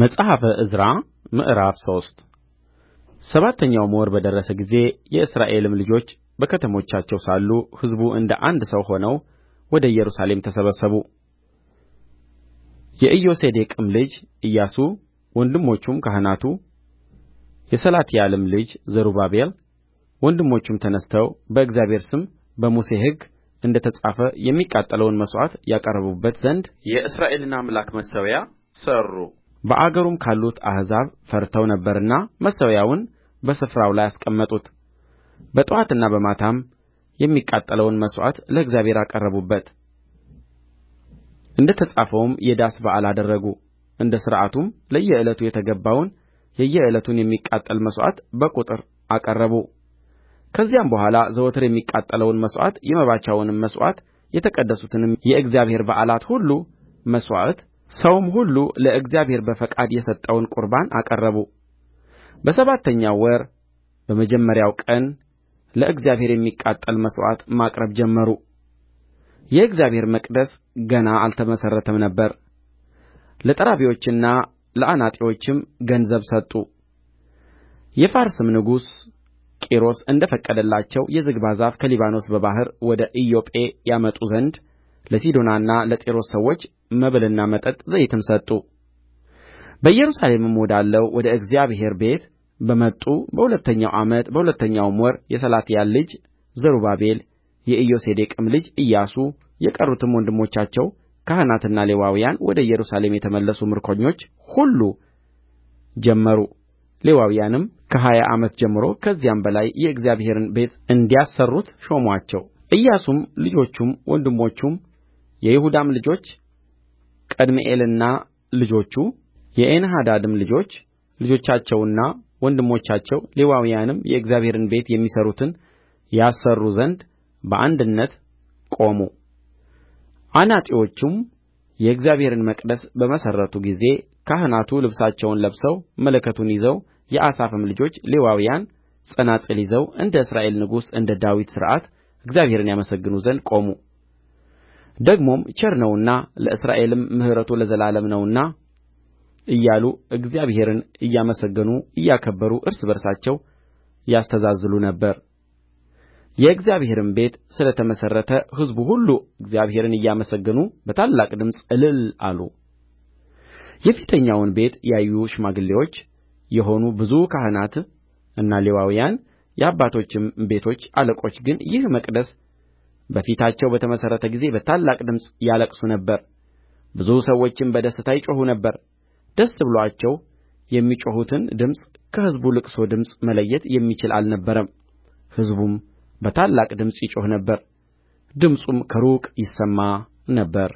መጽሐፈ ዕዝራ ምዕራፍ ሶስት ሰባተኛውም ወር በደረሰ ጊዜ የእስራኤልም ልጆች በከተሞቻቸው ሳሉ ሕዝቡ እንደ አንድ ሰው ሆነው ወደ ኢየሩሳሌም ተሰበሰቡ። የኢዮሴዴቅም ልጅ ኢያሱ ወንድሞቹም ካህናቱ፣ የሰላትያልም ልጅ ዘሩባቤል ወንድሞቹም ተነሥተው በእግዚአብሔር ስም በሙሴ ሕግ እንደ ተጻፈ የሚቃጠለውን መሥዋዕት ያቀርቡበት ዘንድ የእስራኤልን አምላክ መሠዊያ ሠሩ። በአገሩም ካሉት አሕዛብ ፈርተው ነበርና መሠዊያውን በስፍራው ላይ አስቀመጡት በጥዋትና በማታም የሚቃጠለውን መሥዋዕት ለእግዚአብሔር አቀረቡበት እንደ ተጻፈውም የዳስ በዓል አደረጉ እንደ ሥርዓቱም ለየዕለቱ የተገባውን የየዕለቱን የሚቃጠል መሥዋዕት በቍጥር አቀረቡ ከዚያም በኋላ ዘወትር የሚቃጠለውን መሥዋዕት የመባቻውንም መሥዋዕት የተቀደሱትንም የእግዚአብሔር በዓላት ሁሉ መሥዋዕት ሰውም ሁሉ ለእግዚአብሔር በፈቃድ የሰጠውን ቍርባን አቀረቡ በሰባተኛው ወር በመጀመሪያው ቀን ለእግዚአብሔር የሚቃጠል መሥዋዕት ማቅረብ ጀመሩ የእግዚአብሔር መቅደስ ገና አልተመሠረተም ነበር ለጠራቢዎችና ለአናጢዎችም ገንዘብ ሰጡ የፋርስም ንጉሥ ቂሮስ እንደ ፈቀደላቸው የዝግባ ዛፍ ከሊባኖስ በባሕር ወደ ኢዮጴ ያመጡ ዘንድ ለሲዶናና ለጢሮስ ሰዎች መብልና መጠጥ ዘይትም ሰጡ በኢየሩሳሌምም ወዳለው ወደ እግዚአብሔር ቤት በመጡ በሁለተኛው ዓመት በሁለተኛው ወር የሰላትያል ልጅ ዘሩባቤል የኢዮሴዴቅም ልጅ ኢያሱ የቀሩትም ወንድሞቻቸው ካህናትና ሌዋውያን ወደ ኢየሩሳሌም የተመለሱ ምርኮኞች ሁሉ ጀመሩ ሌዋውያንም ከሀያ ዓመት ጀምሮ ከዚያም በላይ የእግዚአብሔርን ቤት እንዲያሠሩት ሾሙአቸው ኢያሱም ልጆቹም ወንድሞቹም የይሁዳም ልጆች ቀድምኤልና ልጆቹ የኤንሐዳድም ልጆች ልጆቻቸውና ወንድሞቻቸው ሌዋውያንም የእግዚአብሔርን ቤት የሚሠሩትን ያሠሩ ዘንድ በአንድነት ቆሙ አናጢዎቹም የእግዚአብሔርን መቅደስ በመሠረቱ ጊዜ ካህናቱ ልብሳቸውን ለብሰው መለከቱን ይዘው የአሳፍም ልጆች ሌዋውያን ጸናጽል ይዘው እንደ እስራኤል ንጉሥ እንደ ዳዊት ሥርዓት እግዚአብሔርን ያመሰግኑ ዘንድ ቆሙ ደግሞም ቸር ነውና ለእስራኤልም ምሕረቱ ለዘላለም ነውና እያሉ እግዚአብሔርን እያመሰገኑ እያከበሩ እርስ በርሳቸው ያስተዛዝሉ ነበር የእግዚአብሔርም ቤት ስለ ተመሠረተ ሕዝቡ ሁሉ እግዚአብሔርን እያመሰገኑ በታላቅ ድምፅ እልል አሉ የፊተኛውን ቤት ያዩ ሽማግሌዎች የሆኑ ብዙ ካህናት እና ሌዋውያን የአባቶችም ቤቶች አለቆች ግን ይህ መቅደስ በፊታቸው በተመሠረተ ጊዜ በታላቅ ድምፅ ያለቅሱ ነበር ብዙ ሰዎችም በደስታ ይጮኹ ነበር ደስ ብሎአቸው የሚጮኹትን ድምፅ ከሕዝቡ ልቅሶ ድምፅ መለየት የሚችል አልነበረም ሕዝቡም በታላቅ ድምፅ ይጮኽ ነበር ድምፁም ከሩቅ ይሰማ ነበር